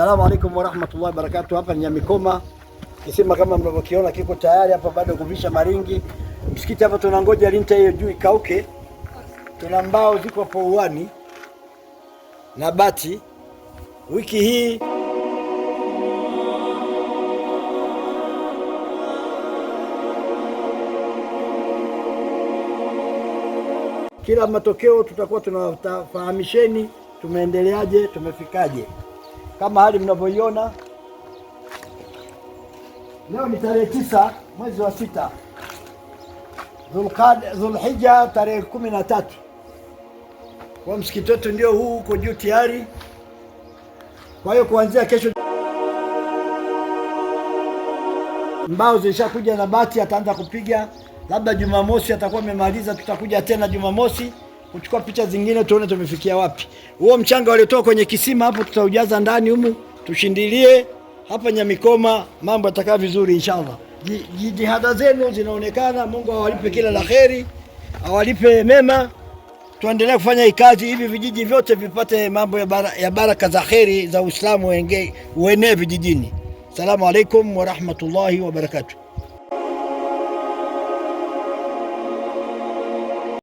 Salamu alaikum warahmatullahi wabarakatu. Hapa ni Nyamikoma, kisima kama mnavyokiona kiko tayari hapa, bado kuvisha maringi msikiti hapa. Tunangoja linta hiyo juu ikauke. Tuna mbao ziko pouani na bati. Wiki hii kila matokeo tutakuwa tunawafahamisheni, tumeendeleaje, tumefikaje kama hali mnavyoiona. Leo ni tarehe tisa mwezi wa sita Dhulhija tarehe kumi na tatu. Kwa msikiti wetu ndio huu uko juu tayari. Kwa hiyo kuanzia kesho mbao zilishakuja na bati ataanza kupiga, labda Jumamosi atakuwa amemaliza, tutakuja tena Jumamosi kuchukua picha zingine tuone tumefikia wapi. Huo mchanga waliotoa kwenye kisima hapo tutaujaza ndani humu, tushindilie hapa Nyamikoma, mambo yatakaa vizuri inshallah. Jitihada zenu zinaonekana, Mungu awalipe kila la heri awalipe mema. Tuendelee kufanya hii kazi, hivi vijiji vyote vipate mambo ya, bara, ya baraka za kheri za Uislamu uenee vijijini. Salamu alaikum warahmatullahi wabarakatuh.